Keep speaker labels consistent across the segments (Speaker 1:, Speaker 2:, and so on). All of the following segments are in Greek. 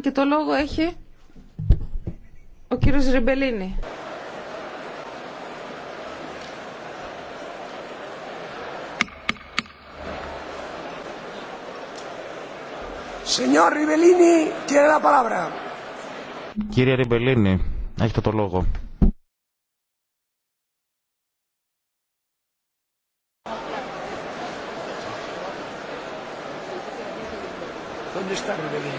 Speaker 1: Και το λόγο έχει ο κύριος Ριμπελίνη.
Speaker 2: Σενιόρ
Speaker 3: Ριμπελίνη, κύριε la palabra. Κύριε Ριμπελίνη, έχετε το λόγο. Δεν είστε, Ριμπελίνη.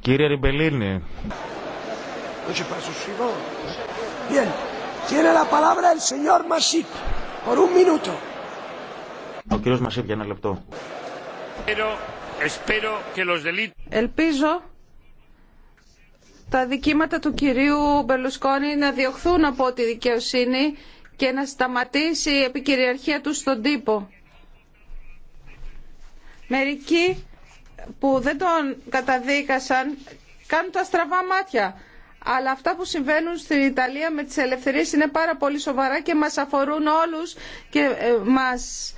Speaker 3: Κύριε Ριμπελίνη. Ο κύριος Μασίπ για ένα λεπτό.
Speaker 1: Ελπίζω τα δικήματα του κυρίου Μπελουσκόνη να διωχθούν από τη δικαιοσύνη και να σταματήσει η επικυριαρχία του στον τύπο. Μερικοί που δεν τον καταδίκασαν κάνουν τα στραβά μάτια. Αλλά αυτά που συμβαίνουν στην Ιταλία με τις ελευθερίες είναι πάρα πολύ σοβαρά και μας αφορούν όλους και ε, μας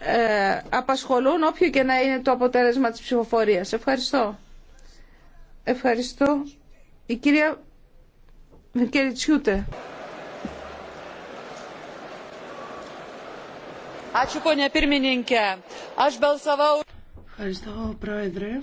Speaker 1: ε, απασχολούν όποιο και να είναι το αποτέλεσμα της ψηφοφορίας. Ευχαριστώ. Ευχαριστώ. Η κυρία Μικεριτσιούτε.
Speaker 2: Ευχαριστώ, Πρόεδρε.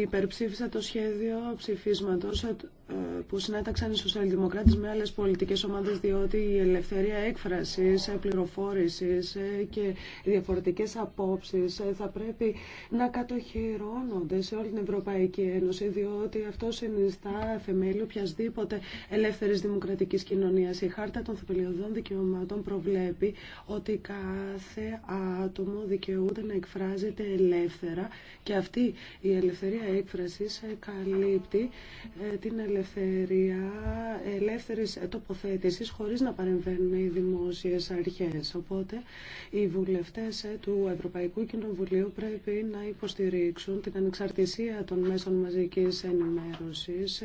Speaker 2: Υπερψήφισα το σχέδιο ψηφίσματος ε, που συνέταξαν οι σοσιαλδημοκράτες με άλλες πολιτικές ομάδες διότι η ελευθερία έκφρασης, ε, πληροφόρησης ε, και διαφορετικές απόψεις θα πρέπει να κατοχυρώνονται σε όλη την Ευρωπαϊκή Ένωση διότι αυτό συνιστά θεμέλιο οποιασδήποτε ελεύθερης δημοκρατικής κοινωνίας. Η Χάρτα των Θεμελιωδών Δικαιωμάτων προβλέπει ότι κάθε άτομο δικαιούται να εκφράζεται ελεύθερα και αυτή η ελευθερία έκφρασης καλύπτει την ελευθερία ελευθερία ελεύθερης τοποθέτησης χωρίς να παρεμβαίνουν οι δημόσιες αρχές. Οπότε οι βουλευτές ε, του Ευρωπαϊκού Κοινοβουλίου πρέπει να υποστηρίξουν την ανεξαρτησία των μέσων μαζικής ενημέρωσης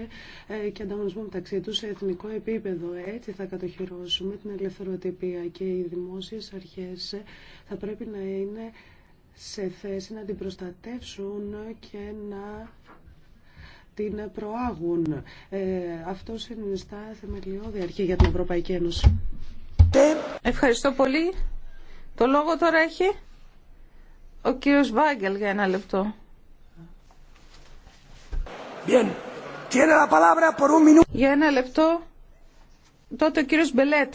Speaker 2: ε, και ανταγωνισμό μεταξύ τους σε εθνικό επίπεδο. Έτσι θα κατοχυρώσουμε την ελευθεροτυπία και οι δημόσιες αρχές ε, θα πρέπει να είναι σε θέση να την προστατεύσουν και να την προάγουν. Ε, αυτό συνιστά θεμελιώδη αρχή για την Ευρωπαϊκή Ένωση. Ευχαριστώ πολύ.
Speaker 1: Το λόγο τώρα έχει ο κύριος Βάγκελ για ένα λεπτό. Bien. Tiene la palabra por un minuto. Για ένα λεπτό τότε ο κύριος Μπελέτ.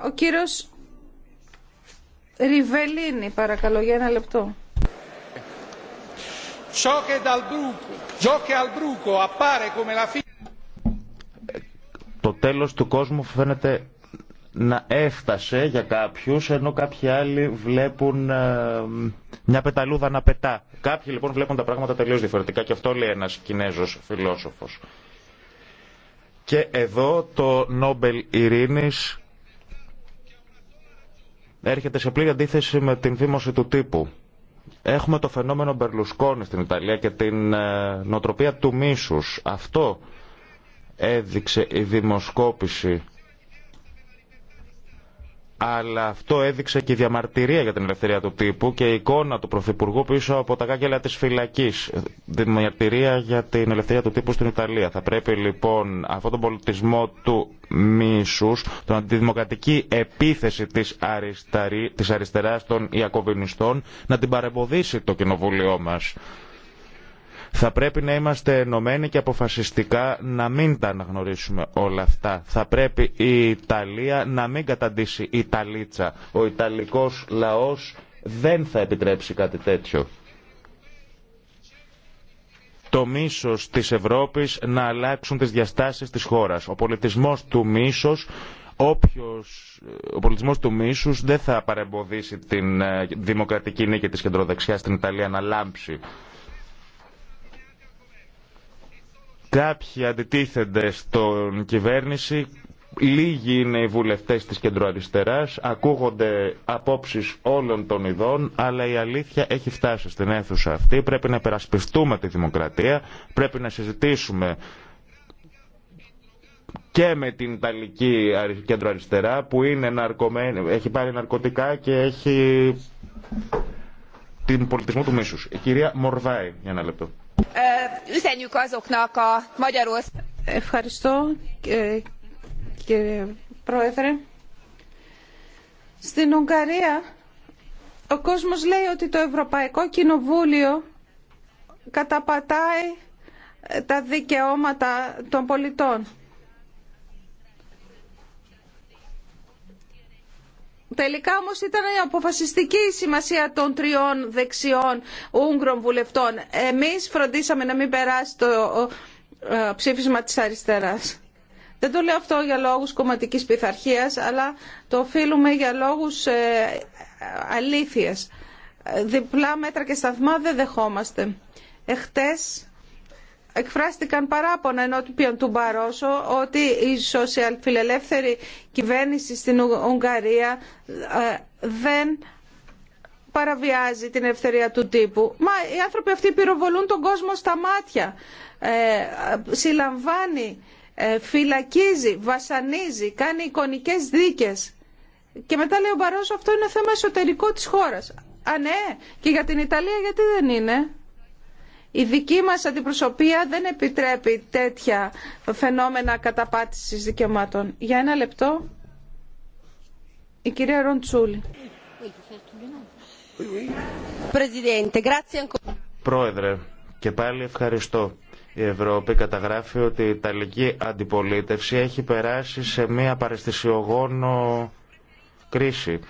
Speaker 1: Ο κύριος Ριβελίνη, παρακαλώ, για ένα λεπτό.
Speaker 3: Το τέλος του κόσμου φαίνεται να έφτασε για κάποιους, ενώ κάποιοι άλλοι βλέπουν ε, μια πεταλούδα να πετά. Κάποιοι λοιπόν βλέπουν τα πράγματα τελείως διαφορετικά και αυτό λέει ένας Κινέζος φιλόσοφος. Και εδώ το Νόμπελ Ειρήνης έρχεται σε πλήρη αντίθεση με την δήμωση του τύπου. Έχουμε το φαινόμενο Μπερλουσκόνη στην Ιταλία και την ε, νοοτροπία του μίσους. Αυτό έδειξε η δημοσκόπηση αλλά αυτό έδειξε και η διαμαρτυρία για την ελευθερία του τύπου και η εικόνα του Πρωθυπουργού πίσω από τα κάγκελα της φυλακής. Διαμαρτυρία για την ελευθερία του τύπου στην Ιταλία. Θα πρέπει λοιπόν αυτό τον πολιτισμό του μίσους, τον αντιδημοκρατική επίθεση της, αριστερά, της αριστεράς των Ιακωβινιστών να την παρεμποδίσει το κοινοβούλιο μας. Θα πρέπει να είμαστε ενωμένοι και αποφασιστικά να μην τα αναγνωρίσουμε όλα αυτά. Θα πρέπει η Ιταλία να μην καταντήσει η Ιταλίτσα. Ο Ιταλικός λαός δεν θα επιτρέψει κάτι τέτοιο το μίσος της Ευρώπης να αλλάξουν τις διαστάσεις της χώρας. Ο πολιτισμός του μίσος, όποιος, ο πολιτισμός του μίσους δεν θα παρεμποδίσει την ε, δημοκρατική νίκη της κεντροδεξιάς στην Ιταλία να λάμψει. Κάποιοι αντιτίθενται στον κυβέρνηση, λίγοι είναι οι βουλευτές της κεντροαριστεράς, ακούγονται απόψεις όλων των ειδών, αλλά η αλήθεια έχει φτάσει στην αίθουσα αυτή. Πρέπει να περασπιστούμε τη δημοκρατία, πρέπει να συζητήσουμε και με την Ιταλική κεντροαριστερά που είναι ναρκωμένη, έχει πάρει ναρκωτικά και έχει την πολιτισμό του μίσους. Η κυρία Μορβάη, για ένα λεπτό.
Speaker 1: Ευχαριστώ ε, κύριε Πρόεδρε. Στην Ουγγαρία ο κόσμος λέει ότι το Ευρωπαϊκό Κοινοβούλιο καταπατάει τα δικαιώματα των πολιτών. Τελικά όμως ήταν η αποφασιστική η σημασία των τριών δεξιών Ούγγρων βουλευτών. Εμείς φροντίσαμε να μην περάσει το ε, ψήφισμα της αριστεράς. Δεν το λέω αυτό για λόγους κομματικής πειθαρχία, αλλά το οφείλουμε για λόγους ε, αλήθειας. Διπλά μέτρα και σταθμά δεν δεχόμαστε. Εχτες εκφράστηκαν παράπονα ενώπιον του Μπαρόσο ότι η σοσιαλφιλελεύθερη κυβέρνηση στην Ουγγαρία ε, δεν παραβιάζει την ελευθερία του τύπου. Μα οι άνθρωποι αυτοί πυροβολούν τον κόσμο στα μάτια, ε, συλλαμβάνει, ε, φυλακίζει, βασανίζει, κάνει εικονικές δίκες. Και μετά λέει ο Μπαρόσο αυτό είναι θέμα εσωτερικό της χώρας. Α ναι, και για την Ιταλία γιατί δεν είναι. Η δική μας αντιπροσωπεία δεν επιτρέπει τέτοια φαινόμενα καταπάτησης δικαιωμάτων. Για ένα λεπτό, η κυρία Ροντσούλη.
Speaker 3: Πρόεδρε, και πάλι ευχαριστώ. Η Ευρώπη καταγράφει ότι η Ιταλική αντιπολίτευση έχει περάσει σε μια παρεστησιογόνο κρίση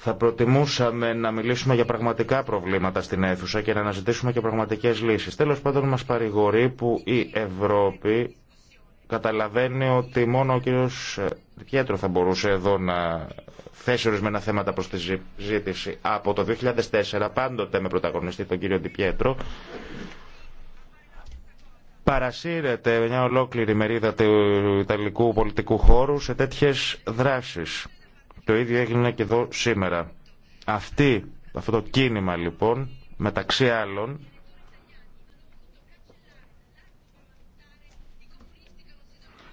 Speaker 3: θα προτιμούσαμε να μιλήσουμε για πραγματικά προβλήματα στην αίθουσα και να αναζητήσουμε και πραγματικές λύσεις. Τέλος πάντων μα παρηγορεί που η Ευρώπη καταλαβαίνει ότι μόνο ο κύριο Πιέτρο θα μπορούσε εδώ να θέσει ορισμένα θέματα προ τη ζήτηση. Από το 2004 πάντοτε με πρωταγωνιστή τον κύριο Πιέτρο παρασύρεται μια ολόκληρη μερίδα του Ιταλικού πολιτικού χώρου σε τέτοιε δράσει. Το ίδιο έγινε και εδώ σήμερα. Αυτή, αυτό το κίνημα λοιπόν, μεταξύ άλλων,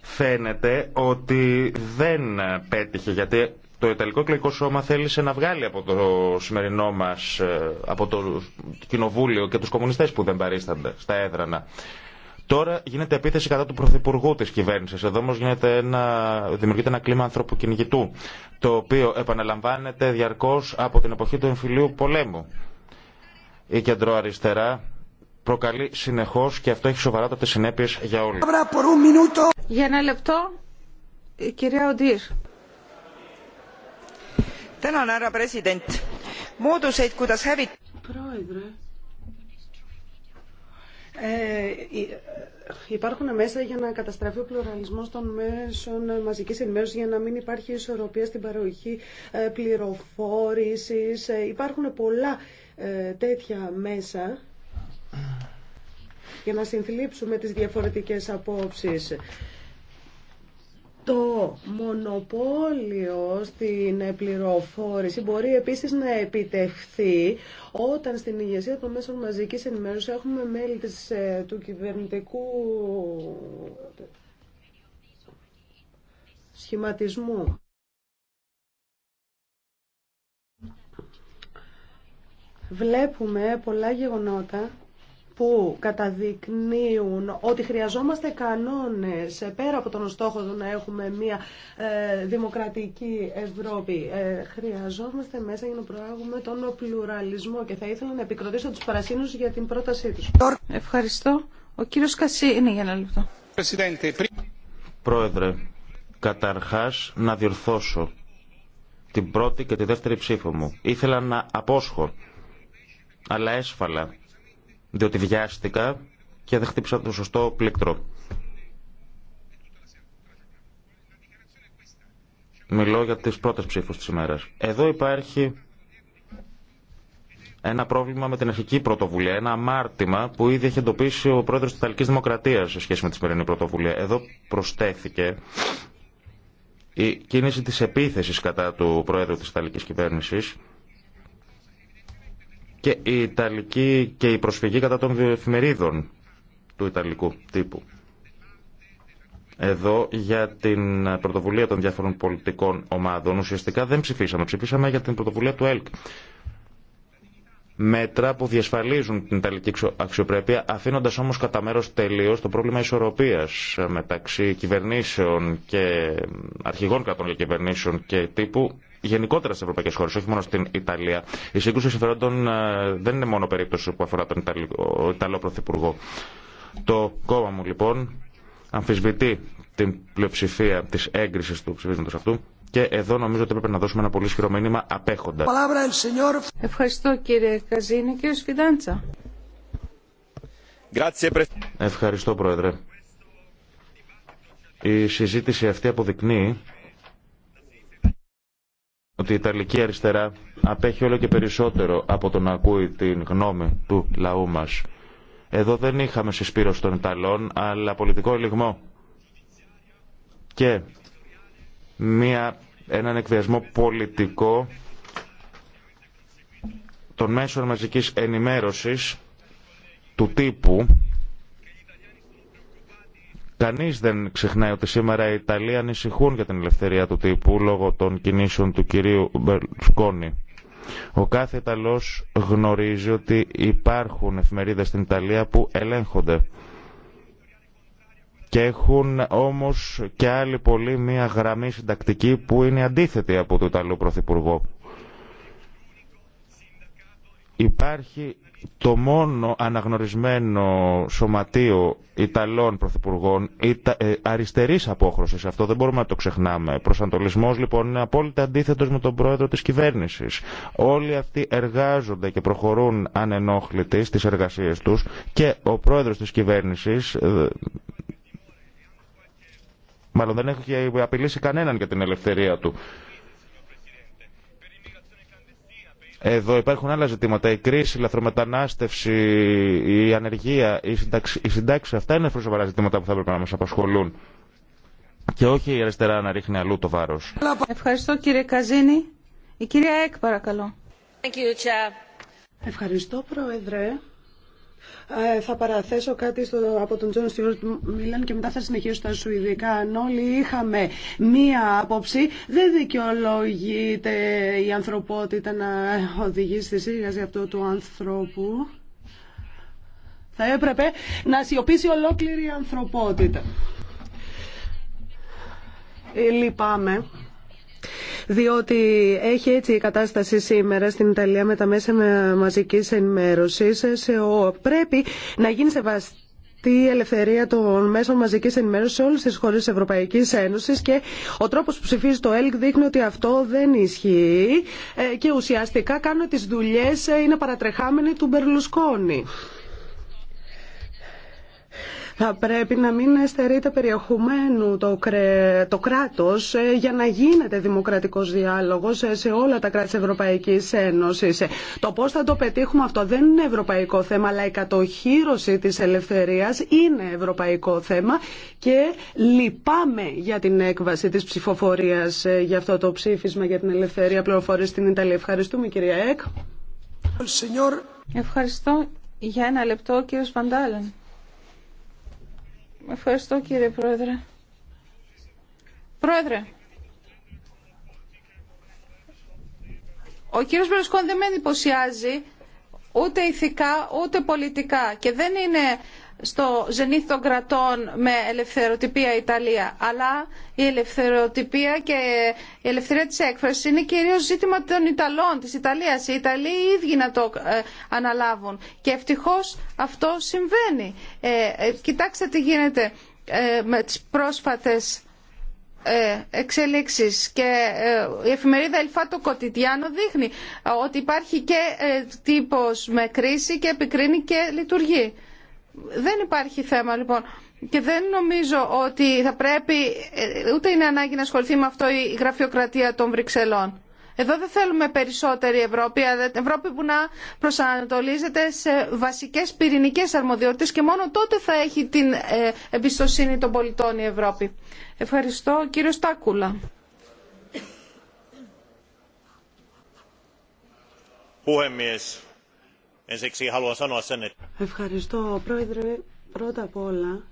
Speaker 3: φαίνεται ότι δεν πέτυχε, γιατί το Ιταλικό Εκλογικό Σώμα θέλησε να βγάλει από το σημερινό μας, ε, από το Κοινοβούλιο και τους κομμουνιστές που δεν παρίστανται στα έδρανα. Τώρα γίνεται επίθεση κατά του Πρωθυπουργού τη κυβέρνηση. Εδώ όμω δημιουργείται ένα κλίμα ανθρωποκυνηγητού, το οποίο επαναλαμβάνεται διαρκώ από την εποχή του εμφυλίου πολέμου. Η κεντροαριστερά προκαλεί συνεχώ και αυτό έχει σοβαρότατε συνέπειε για όλου.
Speaker 1: Για ένα λεπτό, η κυρία Οντήρ.
Speaker 2: Πρόεδρε, ε, υπάρχουν μέσα για να καταστραφεί ο πλουραλισμό των μέσων μαζική ενημέρωση, για να μην υπάρχει ισορροπία στην παροχή ε, πληροφόρηση. Ε, υπάρχουν πολλά τέτοια μέσα για να συνθλίψουμε τις διαφορετικές απόψεις. Το μονοπόλιο στην πληροφόρηση μπορεί επίσης να επιτευχθεί όταν στην ηγεσία των μέσων μαζικής ενημέρωσης έχουμε μέλη της, ε, του κυβερνητικού σχηματισμού. Βλέπουμε πολλά γεγονότα που καταδεικνύουν ότι χρειαζόμαστε κανόνες πέρα από τον στόχο του να έχουμε μια ε, δημοκρατική Ευρώπη. Ε, χρειαζόμαστε μέσα για να προάγουμε τον πλουραλισμό και θα ήθελα να επικροτήσω τους παρασύνους για την πρότασή τους.
Speaker 1: Ευχαριστώ. Ο κύριος Κασί για ένα
Speaker 2: λεπτό.
Speaker 3: Πρόεδρε, καταρχάς να διορθώσω την πρώτη και τη δεύτερη ψήφο μου. Ήθελα να απόσχω, αλλά έσφαλα διότι βιάστηκα και δεν χτύπησα το σωστό πλήκτρο. Μιλώ για τις πρώτες ψήφους της ημέρας. Εδώ υπάρχει ένα πρόβλημα με την αρχική πρωτοβουλία, ένα αμάρτημα που ήδη έχει εντοπίσει ο πρόεδρος της Ιταλικής Δημοκρατίας σε σχέση με τη σημερινή πρωτοβουλία. Εδώ προστέθηκε η κίνηση της επίθεσης κατά του πρόεδρου της Ιταλικής Κυβέρνησης και η Ιταλική και η προσφυγή κατά των εφημερίδων του Ιταλικού τύπου. Εδώ για την πρωτοβουλία των διάφορων πολιτικών ομάδων ουσιαστικά δεν ψηφίσαμε. Ψηφίσαμε για την πρωτοβουλία του ΕΛΚ. Μέτρα που διασφαλίζουν την Ιταλική αξιοπρέπεια, αφήνοντα όμω κατά μέρο τελείω το πρόβλημα ισορροπία μεταξύ κυβερνήσεων και αρχηγών κρατών και κυβερνήσεων και τύπου γενικότερα στι ευρωπαϊκέ χώρε, όχι μόνο στην Ιταλία. Η σύγκρουση συμφερόντων ε, δεν είναι μόνο περίπτωση που αφορά τον Ιταλό, Ιταλό Πρωθυπουργό. Το κόμμα μου λοιπόν αμφισβητεί την πλειοψηφία τη έγκριση του ψηφίσματο αυτού και εδώ νομίζω ότι πρέπει να δώσουμε ένα πολύ ισχυρό μήνυμα απέχοντα.
Speaker 1: Ευχαριστώ κύριε Καζίνη. Κύριε Σφιντάντσα.
Speaker 3: Ευχαριστώ πρόεδρε. Η συζήτηση αυτή αποδεικνύει ότι η Ιταλική αριστερά απέχει όλο και περισσότερο από το να ακούει την γνώμη του λαού μας. Εδώ δεν είχαμε συσπήρωση των Ιταλών, αλλά πολιτικό ελιγμό Και μια, έναν εκβιασμό πολιτικό των μέσων μαζικής ενημέρωσης του τύπου Κανείς δεν ξεχνάει ότι σήμερα οι Ιταλοί ανησυχούν για την ελευθερία του τύπου λόγω των κινήσεων του κυρίου Μπερλουσκόνη. Ο κάθε Ιταλός γνωρίζει ότι υπάρχουν εφημερίδες στην Ιταλία που ελέγχονται και έχουν όμως και άλλοι πολλοί μια γραμμή συντακτική που είναι αντίθετη από τον Ιταλό Πρωθυπουργό. Υπάρχει το μόνο αναγνωρισμένο σωματείο Ιταλών Πρωθυπουργών Ιτα... ε, αριστερής απόχρωσης. Αυτό δεν μπορούμε να το ξεχνάμε. Προσανατολισμός λοιπόν είναι απόλυτα αντίθετος με τον πρόεδρο της κυβέρνησης. Όλοι αυτοί εργάζονται και προχωρούν ανενόχλητοι στις εργασίες τους και ο πρόεδρος της κυβέρνησης ε, μάλλον δεν έχει απειλήσει κανέναν για την ελευθερία του. Εδώ υπάρχουν άλλα ζητήματα. Η κρίση, η λαθρομετανάστευση, η ανεργία, η συντάξη, αυτά είναι σοβαρά ζητήματα που θα έπρεπε να μα απασχολούν. Και όχι η αριστερά να ρίχνει αλλού το βάρο.
Speaker 1: Ευχαριστώ κύριε Καζίνη.
Speaker 2: Η κυρία Εκ παρακαλώ.
Speaker 1: Thank you,
Speaker 2: Ευχαριστώ Πρόεδρε. Ε, θα παραθέσω κάτι από τον Τζον Στιούρτ Μίλαν και μετά θα συνεχίσω στα Σουηδικά. Αν όλοι είχαμε μία άποψη, δεν δικαιολογείται η ανθρωπότητα να οδηγεί στη σύγχαση αυτού του ανθρώπου. Θα έπρεπε να σιωπήσει ολόκληρη η ανθρωπότητα. Ε, λυπάμαι διότι έχει έτσι η κατάσταση σήμερα στην Ιταλία με τα μέσα μαζικής ενημέρωσης. Πρέπει να γίνει σεβαστή η ελευθερία των μέσων μαζική ενημέρωση σε όλε τι χώρε τη Ευρωπαϊκή Ένωση και ο τρόπο που ψηφίζει το ΕΛΚ δείχνει ότι αυτό δεν ισχύει ε, και ουσιαστικά κάνουν τι δουλειέ, ε, είναι παρατρεχάμενοι του Μπερλουσκόνη. Θα πρέπει να μην στερείται περιεχομένου το, το κράτος ε, για να γίνεται δημοκρατικός διάλογος ε, σε όλα τα κράτη της Ευρωπαϊκής Ένωσης. Ε, το πώς θα το πετύχουμε αυτό δεν είναι ευρωπαϊκό θέμα, αλλά η κατοχύρωση της ελευθερίας είναι ευρωπαϊκό θέμα και λυπάμαι για την έκβαση της ψηφοφορίας για αυτό το ψήφισμα για την ελευθερία πληροφορίας στην Ιταλία. Ευχαριστούμε κυρία Εκ. Ευχαριστώ. Για ένα λεπτό κύριο κύριος Βαντάλεν. Ευχαριστώ κύριε
Speaker 1: Πρόεδρε. Πρόεδρε, ο κύριος Μπερσκόν δεν με εντυπωσιάζει ούτε ηθικά ούτε πολιτικά και δεν είναι στο ζενήθ των κρατών με ελευθεροτυπία Ιταλία. Αλλά η ελευθεροτυπία και η ελευθερία της έκφρασης είναι κυρίως ζήτημα των Ιταλών, της Ιταλίας. Οι Ιταλοί οι ίδιοι να το ε, αναλάβουν. Και ευτυχώς αυτό συμβαίνει. Ε, ε κοιτάξτε τι γίνεται ε, με τις πρόσφατες εξελίξεις και η εφημερίδα Ελφάτο κοτιτιάνο δείχνει ότι υπάρχει και τύπος με κρίση και επικρίνει και λειτουργεί. Δεν υπάρχει θέμα λοιπόν και δεν νομίζω ότι θα πρέπει, ε, ούτε είναι ανάγκη να ασχοληθεί με αυτό η γραφειοκρατία των Βρυξελών. Εδώ δεν θέλουμε περισσότερη Ευρώπη, αλλά Ευρώπη που να προσανατολίζεται σε βασικές πυρηνικές αρμοδιότητες και μόνο τότε θα έχει την ε, εμπιστοσύνη των πολιτών η Ευρώπη. Ευχαριστώ. Κύριο Στάκουλα.
Speaker 2: Ευχαριστώ, Πρόεδρε. Πρώτα απ' όλα,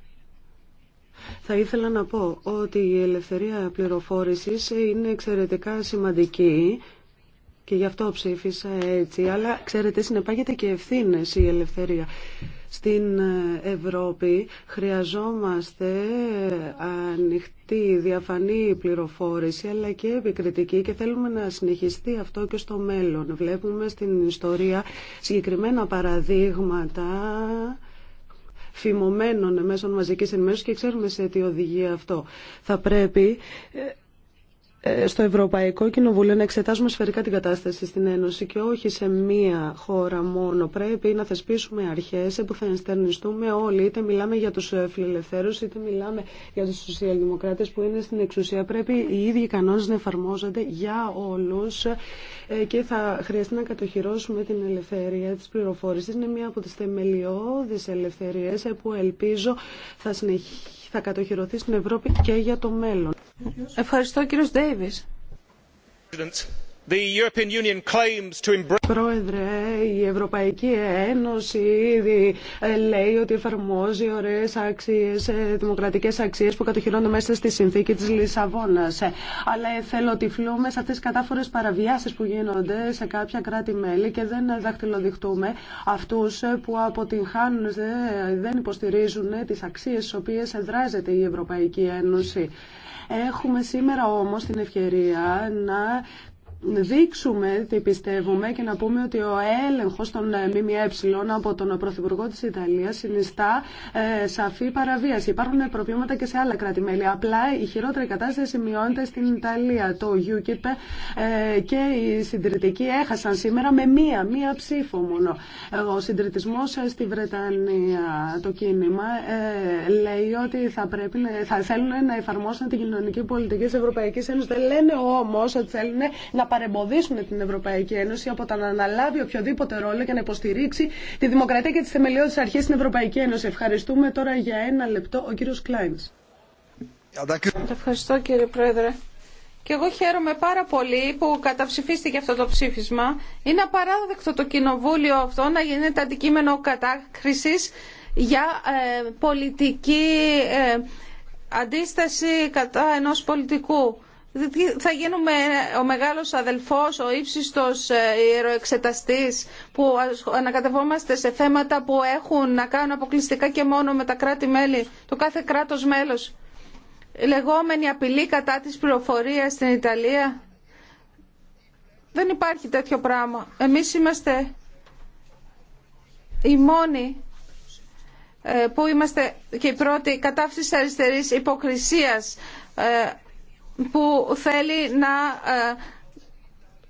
Speaker 2: θα ήθελα να πω ότι η ελευθερία πληροφόρησης είναι εξαιρετικά σημαντική και γι' αυτό ψήφισα έτσι. Αλλά, ξέρετε, συνεπάγεται και ευθύνες η ελευθερία στην ε, Ευρώπη. Χρειαζόμαστε ε, ανοιχτή, διαφανή πληροφόρηση αλλά και επικριτική και θέλουμε να συνεχιστεί αυτό και στο μέλλον. Βλέπουμε στην ιστορία συγκεκριμένα παραδείγματα φημωμένων μέσων μαζικής ενημέρωσης και ξέρουμε σε τι οδηγεί αυτό. Θα πρέπει ε, ε, στο Ευρωπαϊκό Κοινοβούλιο να εξετάσουμε σφαιρικά την κατάσταση στην Ένωση και όχι σε μία χώρα μόνο. Πρέπει να θεσπίσουμε αρχέ που θα ενστερνιστούμε όλοι, είτε μιλάμε για του ε, φιλελευθέρου, είτε μιλάμε για του σοσιαλδημοκράτες που είναι στην εξουσία. Πρέπει οι ίδιοι κανόνε να εφαρμόζονται για όλου, ε, και θα χρειαστεί να κατοχυρώσουμε την ελευθερία τη πληροφόρηση. Είναι μία από τι θεμελιώδει ελευθερίε, που ελπίζω θα, συνεχ... θα κατοχυρωθεί στην Ευρώπη και για το μέλλον. Ευχαριστώ κύριος Ντέιβις η Ευρωπαϊκή Ένωση ήδη ε, λέει ότι εφαρμόζει ωραίες αξίες, ε, δημοκρατικές αξίες που κατοχυρώνονται μέσα στη συνθήκη της Λισαβόνας. Ε, αλλά θέλω φλούμε σε αυτές τις κατάφορες παραβιάσεις που γίνονται σε κάποια κράτη-μέλη και δεν δαχτυλοδειχτούμε αυτούς που αποτυγχάνουν, δεν υποστηρίζουν τις αξίες στις οποίες εδράζεται η Ευρωπαϊκή Ένωση. Έχουμε σήμερα όμως την ευκαιρία να δείξουμε τι πιστεύουμε και να πούμε ότι ο έλεγχος των ε, ΜΜΕ από τον Πρωθυπουργό της Ιταλίας συνιστά ε, σαφή παραβίαση. Υπάρχουν προβλήματα και σε άλλα κράτη-μέλη. Απλά η χειρότερη κατάσταση σημειώνεται στην Ιταλία. Το UKIP ε, και οι συντηρητικοί έχασαν σήμερα με μία, μία ψήφο μόνο. Ο συντηρητισμό στη Βρετανία, το κίνημα, λέει ότι θα, πρέπει, θα θέλουν να εφαρμόσουν την κοινωνική πολιτική της Ευρωπαϊκής Ένωσης. Δεν λένε όμως ότι θέλουν να παρεμποδίσουν την Ευρωπαϊκή Ένωση από το να αναλάβει οποιοδήποτε ρόλο και να υποστηρίξει τη δημοκρατία και τι θεμελιώδει αρχέ στην Ευρωπαϊκή Ένωση. Ευχαριστούμε τώρα για ένα λεπτό ο κύριο Κλάιν. Ευχαριστώ κύριε Πρόεδρε. Και εγώ χαίρομαι πάρα πολύ που
Speaker 1: καταψηφίστηκε αυτό το ψήφισμα. Είναι απαράδεκτο το κοινοβούλιο αυτό να γίνεται αντικείμενο κατάκρισης για ε, πολιτική ε, αντίσταση κατά ενός πολιτικού θα γίνουμε ο μεγάλος αδελφός, ο ύψιστος ε, ιεροεξεταστής που ανακατευόμαστε σε θέματα που έχουν να κάνουν αποκλειστικά και μόνο με τα κράτη-μέλη, το κάθε κράτος μέλος. Λεγόμενη απειλή κατά της πληροφορίας στην Ιταλία. Δεν υπάρχει τέτοιο πράγμα. Εμείς είμαστε οι μόνοι ε, που είμαστε και οι πρώτοι κατάφυσης αριστερής υποκρισίας ε, που θέλει να ε,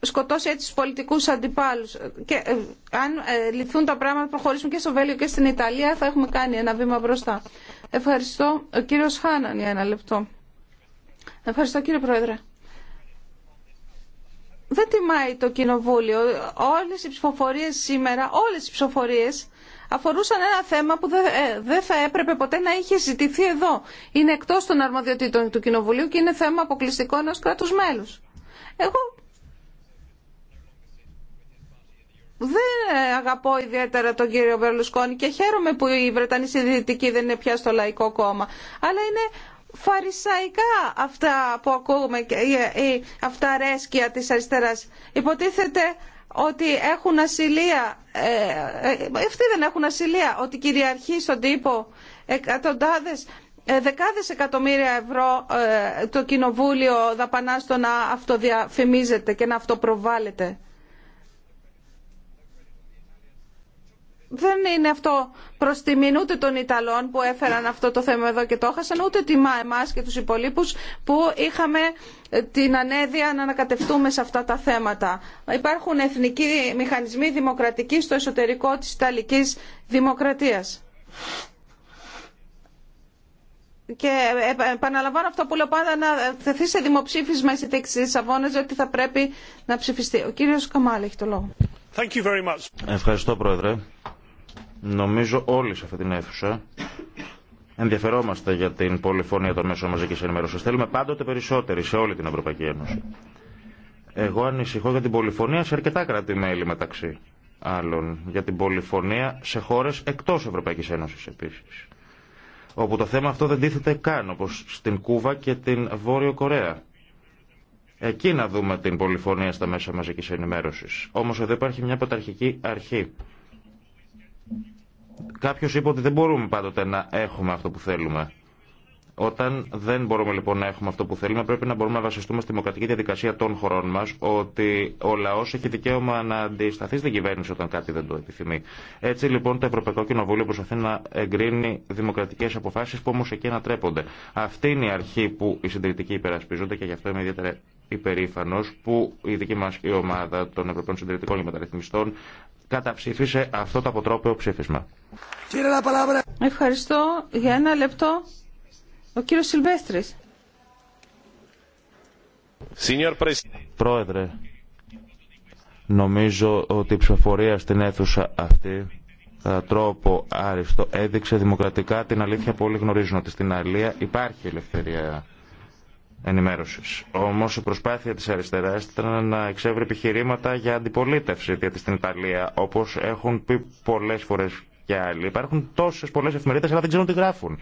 Speaker 1: σκοτώσει έτσι τους πολιτικούς αντιπάλους. Και ε, αν ε, λυθούν τα πράγματα, προχωρήσουμε και στο Βέλιο και στην Ιταλία, θα έχουμε κάνει ένα βήμα μπροστά. Ευχαριστώ. Ο κύριος Χάναν για ένα λεπτό. Ευχαριστώ κύριε Πρόεδρε δεν τιμάει το Κοινοβούλιο. Όλες οι ψηφοφορίες σήμερα, όλες οι ψηφοφορίες αφορούσαν ένα θέμα που ε, δεν θα έπρεπε ποτέ να είχε ζητηθεί εδώ. Είναι εκτός των αρμοδιοτήτων του Κοινοβουλίου και είναι θέμα αποκλειστικό ενός κράτους μέλους. Εγώ δεν ε, αγαπώ ιδιαίτερα τον κύριο Μπερλουσκόνη και χαίρομαι που η Βρετανή Συνδυτική δεν είναι πια στο Λαϊκό Κόμμα. Αλλά είναι φαρισαϊκά αυτά που ακούμε ή αυτά ρέσκια της αριστεράς. Υποτίθεται ότι έχουν ασυλία, ε, ε, ε, αυτοί δεν έχουν ασυλία, ότι κυριαρχεί στον τύπο εκατοντάδες, δεκάδες εκατομμύρια ευρώ το κοινοβούλιο δαπανά στο να αυτοδιαφημίζεται και να αυτοπροβάλλεται. δεν είναι αυτό προ τιμήν ούτε των Ιταλών που έφεραν αυτό το θέμα εδώ και το έχασαν, ούτε τιμά εμά και του υπολείπου που είχαμε την ανέδεια να ανακατευτούμε σε αυτά τα θέματα. Υπάρχουν εθνικοί μηχανισμοί δημοκρατικοί στο εσωτερικό τη Ιταλική Δημοκρατία. Και ε, ε, επαναλαμβάνω αυτό που λέω πάντα να θεθεί σε δημοψήφισμα η συνθήκη τη ότι θα πρέπει να ψηφιστεί. Ο κύριο Καμάλ έχει το λόγο.
Speaker 3: Thank you very much. Ευχαριστώ, Πρόεδρε. Νομίζω όλοι σε αυτή την αίθουσα ενδιαφερόμαστε για την πολυφωνία των μέσων μαζικής ενημέρωσης. Θέλουμε πάντοτε περισσότεροι σε όλη την Ευρωπαϊκή Ένωση. Εγώ ανησυχώ για την πολυφωνία σε αρκετά κράτη-μέλη μεταξύ άλλων. Για την πολυφωνία σε χώρες εκτός Ευρωπαϊκής Ένωσης επίσης. Όπου το θέμα αυτό δεν τίθεται καν, όπως στην Κούβα και την Βόρειο Κορέα. Εκεί να δούμε την πολυφωνία στα μέσα μαζικής ενημέρωσης. Όμως εδώ υπάρχει μια παταρχική αρχή Κάποιο είπε ότι δεν μπορούμε πάντοτε να έχουμε αυτό που θέλουμε. Όταν δεν μπορούμε λοιπόν να έχουμε αυτό που θέλουμε, πρέπει να μπορούμε να βασιστούμε στη δημοκρατική διαδικασία των χωρών μα, ότι ο λαό έχει δικαίωμα να αντισταθεί στην κυβέρνηση όταν κάτι δεν το επιθυμεί. Έτσι λοιπόν το Ευρωπαϊκό Κοινοβούλιο προσπαθεί να εγκρίνει δημοκρατικέ αποφάσει που όμω εκεί ανατρέπονται. Αυτή είναι η αρχή που οι συντηρητικοί υπερασπίζονται και γι' αυτό είμαι ιδιαίτερα υπερήφανο που η δική μα ομάδα των Ευρωπαίων Συντηρητικών και Μεταρρυθμιστών καταψήφισε αυτό το αποτρόπαιο ψήφισμα.
Speaker 1: Ευχαριστώ. Για ένα λεπτό, ο κύριος Σιλβέστρης.
Speaker 3: Πρόεδρε, νομίζω ότι η ψηφοφορία στην αίθουσα αυτή ε, τρόπο άριστο έδειξε δημοκρατικά την αλήθεια που όλοι γνωρίζουν ότι στην Αλία υπάρχει ελευθερία Ενημέρωση. Όμως η προσπάθεια τη αριστερά ήταν να εξεύρει επιχειρήματα για αντιπολίτευση γιατί στην Ιταλία, όπω έχουν πει πολλέ φορέ και άλλοι, υπάρχουν τόσε πολλέ εφημερίδες αλλά δεν ξέρουν τι γράφουν.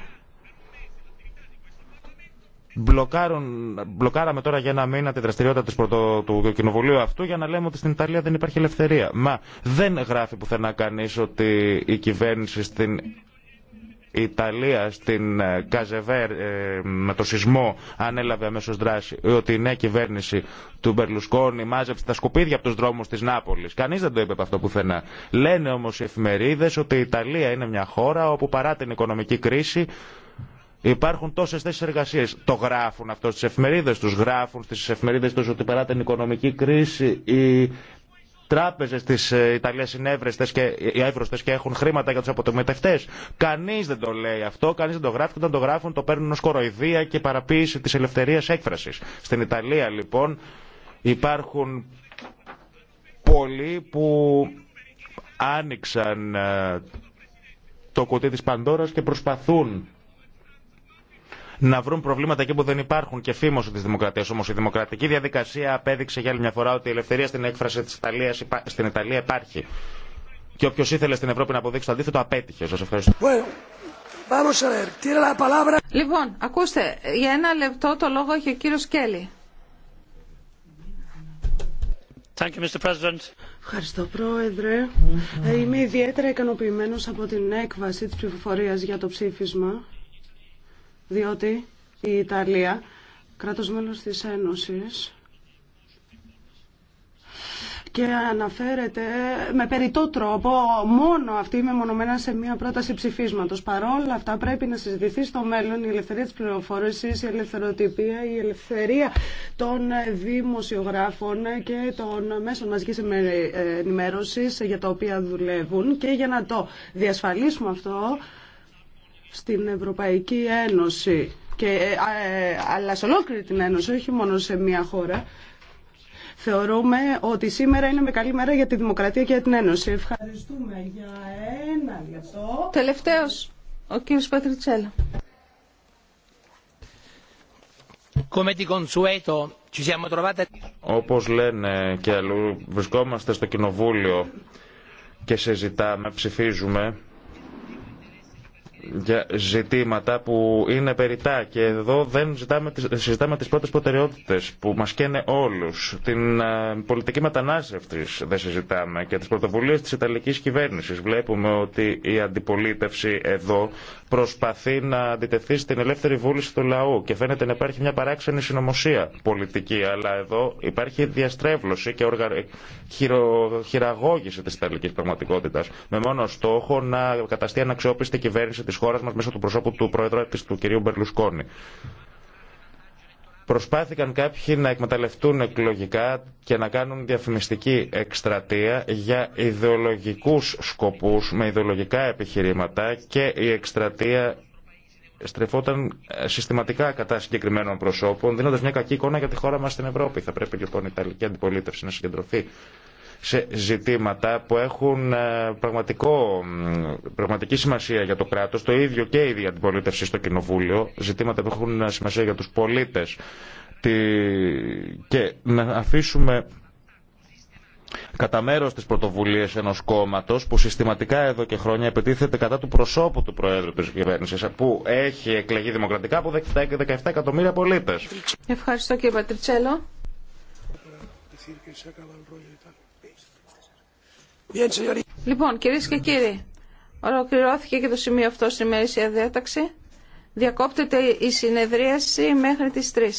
Speaker 3: Μπλοκάρουν, μπλοκάραμε τώρα για ένα μήνα τη δραστηριότητα της πρωτο, του κοινοβουλίου αυτού για να λέμε ότι στην Ιταλία δεν υπάρχει ελευθερία. Μα δεν γράφει πουθενά κάνει ότι η κυβέρνηση στην η Ιταλία στην ε, Καζεβέρ ε, με το σεισμό ανέλαβε αμέσω δράση ότι η νέα κυβέρνηση του Μπερλουσκόνη μάζεψε τα σκουπίδια από του δρόμου τη Νάπολη. Κανεί δεν το είπε από αυτό πουθενά. Λένε όμω οι εφημερίδε ότι η Ιταλία είναι μια χώρα όπου παρά την οικονομική κρίση Υπάρχουν τόσε θέσει εργασία. Το γράφουν αυτό στι εφημερίδε του. Γράφουν στι εφημερίδε του ότι παρά την οικονομική κρίση τράπεζε τη ε, Ιταλία είναι ε, ε, εύρωστε και έχουν χρήματα για του αποτομητευτέ. Κανεί δεν το λέει αυτό, κανεί δεν το γράφει και όταν το γράφουν το παίρνουν ω κοροϊδία και παραποίηση τη ελευθερία έκφραση. Στην Ιταλία λοιπόν υπάρχουν πολλοί που άνοιξαν το κουτί της παντόρας και προσπαθούν να βρουν προβλήματα εκεί που δεν υπάρχουν και φήμωση τη δημοκρατία. Όμω η δημοκρατική διαδικασία απέδειξε για άλλη μια φορά ότι η ελευθερία στην έκφραση τη Ιταλία στην Ιταλία υπάρχει. Και όποιο ήθελε στην Ευρώπη να αποδείξει το αντίθετο απέτυχε. Σα ευχαριστώ.
Speaker 1: Λοιπόν, ακούστε, για ένα λεπτό το λόγο έχει ο κύριο Κέλλη.
Speaker 2: Ευχαριστώ, Πρόεδρε. Ε, είμαι ιδιαίτερα ικανοποιημένο από την έκβαση τη ψηφοφορία για το ψήφισμα διότι η Ιταλία, κράτος μέλος της Ένωσης, και αναφέρεται με περιττό τρόπο μόνο αυτή μεμονωμένα σε μια πρόταση ψηφίσματο. Παρόλα αυτά πρέπει να συζητηθεί στο μέλλον η ελευθερία τη πληροφόρηση, η ελευθεροτυπία, η ελευθερία των δημοσιογράφων και των μέσων μαζική ενημέρωση για τα οποία δουλεύουν και για να το διασφαλίσουμε αυτό στην Ευρωπαϊκή Ένωση, και, ε, ε, αλλά σε ολόκληρη την Ένωση, όχι μόνο σε μία χώρα, θεωρούμε ότι σήμερα είναι με καλή μέρα για τη δημοκρατία και για την Ένωση. Ευχαριστούμε για ένα λεπτό. Τελευταίος, ο κύριος Πατριτσέλα.
Speaker 3: Όπως λένε και αλλού, βρισκόμαστε στο Κοινοβούλιο και συζητάμε, ψηφίζουμε για ζητήματα που είναι περιτά και εδώ δεν ζητάμε, συζητάμε τις πρώτες προτεραιότητες που μας καίνε όλους. Την ε, πολιτική μετανάστευσης δεν συζητάμε και τις πρωτοβουλίες της Ιταλικής κυβέρνησης. Βλέπουμε ότι η αντιπολίτευση εδώ προσπαθεί να αντιτεθεί στην ελεύθερη βούληση του λαού και φαίνεται να υπάρχει μια παράξενη συνωμοσία πολιτική, αλλά εδώ υπάρχει διαστρέβλωση και οργα... χειρο... χειραγώγηση της Ιταλικής πραγματικότητας με μόνο στόχο να καταστεί αναξιόπιστη κυβέρνηση Τη χώρα μας μέσω του προσώπου του Πρόεδρου τη του κυρίου Μπερλουσκόνη. Προσπάθηκαν κάποιοι να εκμεταλλευτούν εκλογικά και να κάνουν διαφημιστική εκστρατεία για ιδεολογικού σκοπούς, με ιδεολογικά επιχειρήματα και η εκστρατεία στρεφόταν ε, συστηματικά κατά συγκεκριμένων προσώπων, δίνοντα μια κακή εικόνα για τη χώρα μα στην Ευρώπη. Θα πρέπει λοιπόν η Ιταλική αντιπολίτευση να συγκεντρωθεί σε ζητήματα που έχουν ε, πραγματικό, πραγματική σημασία για το κράτος, το ίδιο και η αντιπολίτευση στο Κοινοβούλιο, ζητήματα που έχουν ε, σημασία για τους πολίτες και να αφήσουμε κατά μέρο τι πρωτοβουλίε ενό κόμματο που συστηματικά εδώ και χρόνια επιτίθεται κατά του προσώπου του Προέδρου τη κυβέρνηση, που έχει εκλεγεί δημοκρατικά από 17 εκατομμύρια πολίτε.
Speaker 1: Ευχαριστώ κύριε Πατριτσέλο. Λοιπόν, κυρίες και κύριοι, ολοκληρώθηκε και το σημείο αυτό στην ημερήσια διάταξη. Διακόπτεται η συνεδρίαση μέχρι τις 3.